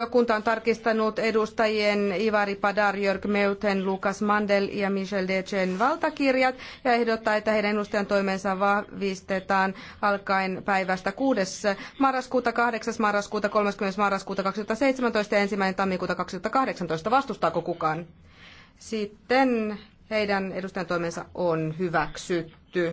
Valiokunta on tarkistanut edustajien Ivari Padar, Jörg Meuten, Lukas Mandel ja Michel Dechen valtakirjat ja ehdottaa, että heidän edustajan toimensa vahvistetaan alkaen päivästä 6. marraskuuta, 8. marraskuuta, 30. marraskuuta 2017 ja 1. tammikuuta 2018. Vastustaako kukaan? Sitten heidän edustajan toimensa on hyväksytty.